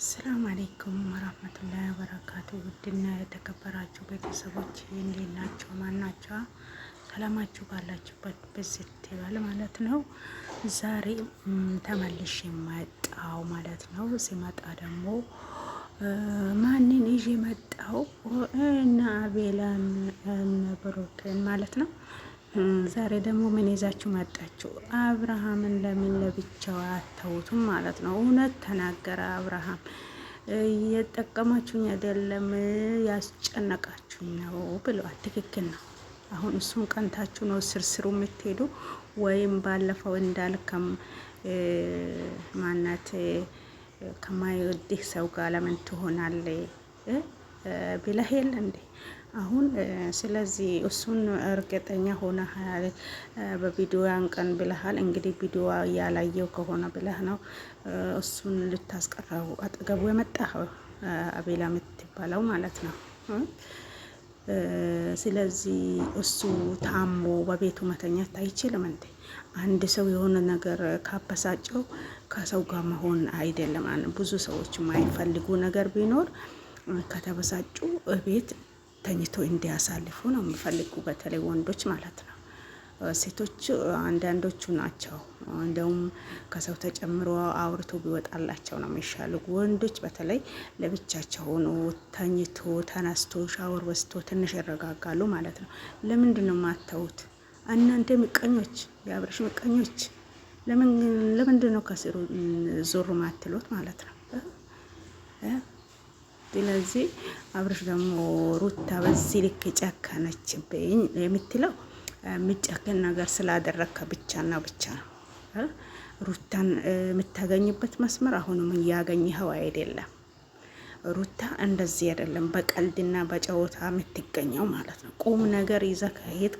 አሰላሙ አሌይኩም ወራህመቱላሂ ወበረካቱ። ውድና የተከበራችሁ ቤተሰቦች እንዴት ናቸው? ማናቸዋ ሰላማችሁ ባላችሁበት ብዝት ይበል ማለት ነው። ዛሬ ተመልሼ መጣሁ ማለት ነው። ሲመጣ ደግሞ ማንን ይዤ መጣሁ? እነ አቤላን እነ ብሩክን ማለት ነው ዛሬ ደግሞ ምን ይዛችሁ መጣችሁ? አብርሃምን ለምን ለብቻው አተውቱም ማለት ነው? እውነት ተናገረ አብርሃም። የጠቀማችሁኝ አይደለም ያስጨነቃችሁኝ ነው ብለዋል። ትክክል ነው። አሁን እሱን ቀንታችሁ ነው ስርስሩ የምትሄዱ ወይም ባለፈው እንዳልከም ማናት ከማይወድህ ሰው ጋር ለምን ትሆናለህ? ብለህ የለ እንዴ? አሁን ስለዚህ እሱን እርግጠኛ ሆነ በቪዲዮ ያን ቀን ብለሃል። እንግዲህ ቪዲዮ እያላየው ከሆነ ብለህ ነው እሱን ልታስቀረው አጠገቡ የመጣ አቤላ የምትባለው ማለት ነው። ስለዚህ እሱ ታሞ በቤቱ መተኛት አይችልም እንዴ? አንድ ሰው የሆነ ነገር ካበሳጨው ከሰው ጋር መሆን አይደለም ብዙ ሰዎች የማይፈልጉ ነገር ቢኖር ከተበሳጩ እቤት ተኝቶ እንዲያሳልፉ ነው የሚፈልጉ በተለይ ወንዶች ማለት ነው። ሴቶች አንዳንዶቹ ናቸው እንደውም ከሰው ተጨምሮ አውርቶ ቢወጣላቸው ነው የሚሻሉ። ወንዶች በተለይ ለብቻቸው ሆኖ ተኝቶ ተነስቶ ሻወር ወስቶ ትንሽ ይረጋጋሉ ማለት ነው። ለምንድን ነው የማታዩት? እናንተ ምቀኞች፣ የአብርሽ ምቀኞች ለምንድን ነው ከስሩ ዞር ማትሎት ማለት ነው? ስለዚህ አብረሽ ደግሞ ሩታ በዚህ ልክ ጨከነችብኝ የምትለው የሚጨክን ነገር ስላደረግከ ብቻና ብቻ ነው። ሩታን የምታገኝበት መስመር አሁንም እያገኘኸው አይደለም። ሩታ እንደዚህ አይደለም በቀልድና በጨዋታ የምትገኘው ማለት ነው። ቁም ነገር ይዘ ከሄድ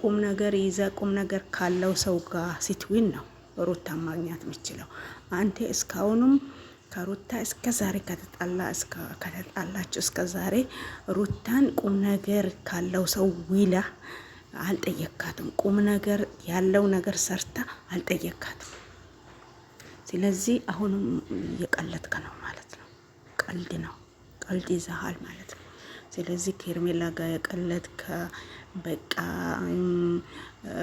ቁም ነገር ይዘ ቁም ነገር ካለው ሰው ጋር ሲትዊን ነው ሩታን ማግኘት የምችለው አንተ እስካሁኑም ከሩታ እስከ ዛሬ ከተጣላ እስከ ዛሬ ሩታን ቁም ነገር ካለው ሰው ዊላ አልጠየካትም። ቁም ነገር ያለው ነገር ሰርታ አልጠየካትም። ስለዚህ አሁንም እየቀለድክ ነው ማለት ነው። ቀልድ ነው፣ ቀልድ ይዛሃል ማለት ነው። ስለዚህ ከሄርሜላ ጋር የቀለድክ በቃ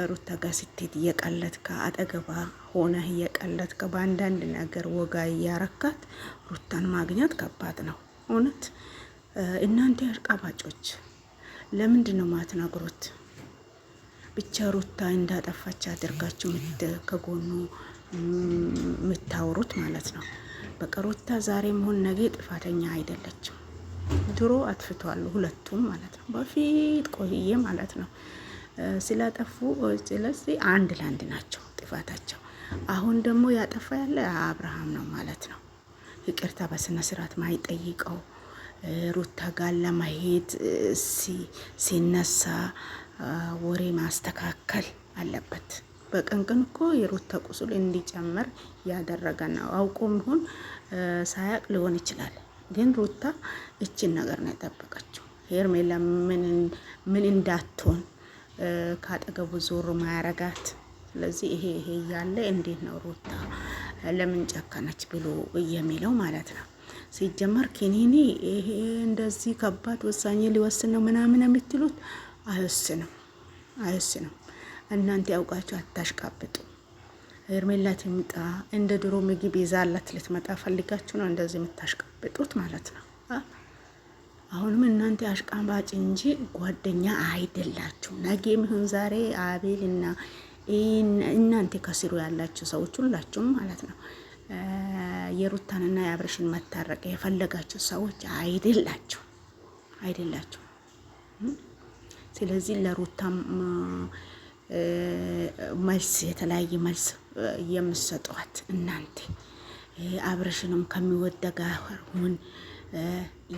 ሩታ ጋር ስትሄድ እየቀለድክ አጠገቧ ሆነህ እየቀለድክ በአንዳንድ ነገር ወጋ እያረካት ሩታን ማግኘት ከባድ ነው። እውነት እናንተ አሽቃባጮች ለምንድን ነው ማትነግሩት? ብቻ ሩታ እንዳጠፋች አድርጋችሁ ከጎኑ የምታወሩት ማለት ነው። በቃ ሩታ ዛሬም ሆነ ነገ ጥፋተኛ አይደለችም። ድሮ አጥፍተዋል ሁለቱም ማለት ነው። በፊት ቆይዬ ማለት ነው ስላጠፉ። ስለዚህ አንድ ለአንድ ናቸው ጥፋታቸው። አሁን ደግሞ ያጠፋ ያለ አብርሃም ነው ማለት ነው። ይቅርታ በስነ ስርዓት ማይጠይቀው ሩታ ጋር ለመሄድ ሲነሳ ወሬ ማስተካከል አለበት። በቀንቅን እኮ የሩታ ቁስል እንዲጨምር ያደረገ ነው። አውቆም ይሁን ሳያቅ ሊሆን ይችላል። ግን ሩታ እችን ነገር ነው የጠበቀችው። ሄርሜላ ምን እንዳትሆን ካጠገቡ ዞር ማያረጋት። ስለዚህ ይሄ ይሄ እያለ እንዴት ነው ሩታ ለምን ጨከነች ብሎ የሚለው ማለት ነው። ሲጀመር ኪኒኒ ይሄ እንደዚህ ከባድ ውሳኔ ሊወስን ነው ምናምን የምትሉት አይወስንም፣ አይወስንም። እናንተ ያውቃችሁ አታሽቃብጡ። ሄርሜላ ትምጣ እንደ ድሮ ምግብ ይዛላት ልትመጣ ፈልጋችሁ ነው እንደዚህ የምታሽቀብጡት ማለት ነው። አሁንም እናንተ አሽቃባጭ እንጂ ጓደኛ አይደላችሁ። ነገ ይሁን ዛሬ አቤል እና እናንተ ከስሩ ያላችሁ ሰዎች ሁላችሁም ማለት ነው የሩታንና የአብረሽን መታረቅ የፈለጋችሁ ሰዎች አይደላችሁ አይደላችሁ። ስለዚህ ለሩታም መልስ የተለያየ መልስ የምሰጧት እናንተ አብረሽንም ከሚወደ ጋር ሁን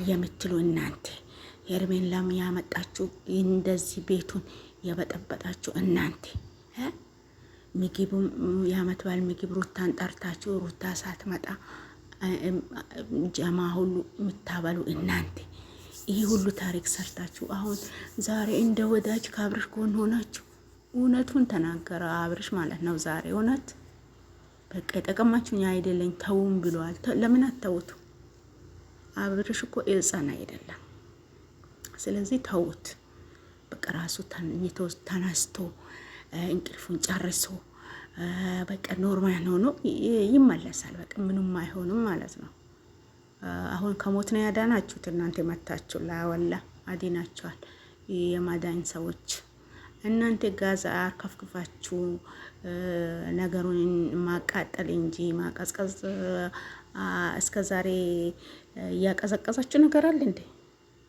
የምትሉ እናንተ ሄርሜላም ያመጣችሁ እንደዚህ ቤቱን የበጠበጣችሁ እናንተ ምግቡም የአመት በዓል ምግብ ሩታን ጠርታችሁ ሩታ ሳትመጣ ጀማ ሁሉ የምታበሉ እናንተ ይህ ሁሉ ታሪክ ሰርታችሁ አሁን ዛሬ እንደ ወዳጅ ከአብርሽ ጎን ሆናችሁ እውነቱን ተናገረ አብርሽ ማለት ነው። ዛሬ እውነት በቃ የጠቀማችሁኝ አይደለኝ ተውም ብለዋል። ለምን አተውቱ? አብርሽ እኮ ኤልጻን አይደለም። ስለዚህ ተውት በቃ ራሱ ተነስቶ እንቅልፉን ጨርሶ በቃ ኖርማል ሆኖ ይመለሳል። በቃ ምንም አይሆንም ማለት ነው። አሁን ከሞት ነው ያዳናችሁት እናንተ መታችሁ። ላወላ አዲናችኋል የማዳኝ ሰዎች እናንተ ጋዛ አርከፍክፋችሁ ነገሩን ማቃጠል እንጂ ማቀዝቀዝ እስከ ዛሬ እያቀዘቀዛችሁ ነገር አለ እንዴ?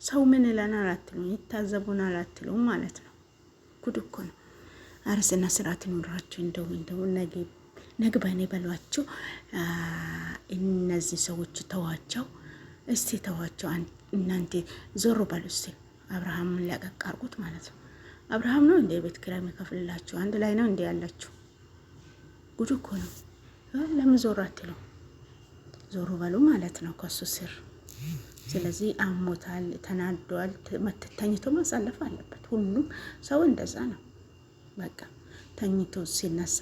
ሰው ምን ለን አላትሉ፣ ይታዘቡን አላትሉ ማለት ነው። ጉድ እኮ ነው። አርስና ስርዓት ይኖራችሁ። እንደው እንደው ነግ በኔ በሏቸው። እነዚህ ሰዎች ተዋቸው፣ እስቲ ተዋቸው። እናንተ ዞሮ በሉ እስቲ፣ አብርሃምን ለቀቅ አርጉት ማለት ነው። አብርሃም ነው እንደ ቤት ኪራይ የሚከፍልላችሁ? አንድ ላይ ነው እንደ ያላችሁ? ጉድ እኮ ነው። ለምን ዞር አትለው? ዞሩ በሉ ማለት ነው ከሱ ስር። ስለዚህ አሞታል፣ ተናዷል። ተኝቶ ማሳለፍ አለበት። ሁሉም ሰው እንደዛ ነው። በቃ ተኝቶ ሲነሳ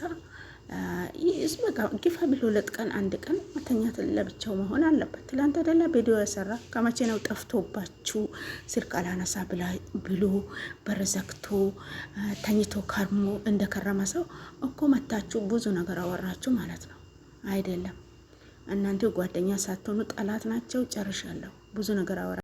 ግፋ ቢል ሁለት ቀን አንድ ቀን መተኛት ለብቻው መሆን አለበት። ትላንት አደለ ቪዲዮ የሰራ ከመቼ ነው ጠፍቶባችሁ ስልክ አላነሳ ብሎ በረዘክቶ ተኝቶ ከርሞ እንደከረመ ሰው እኮ መታችሁ ብዙ ነገር አወራችሁ ማለት ነው አይደለም? እናንተ ጓደኛ ሳትሆኑ ጠላት ናቸው። ጨርሻለሁ። ብዙ ነገር አወራ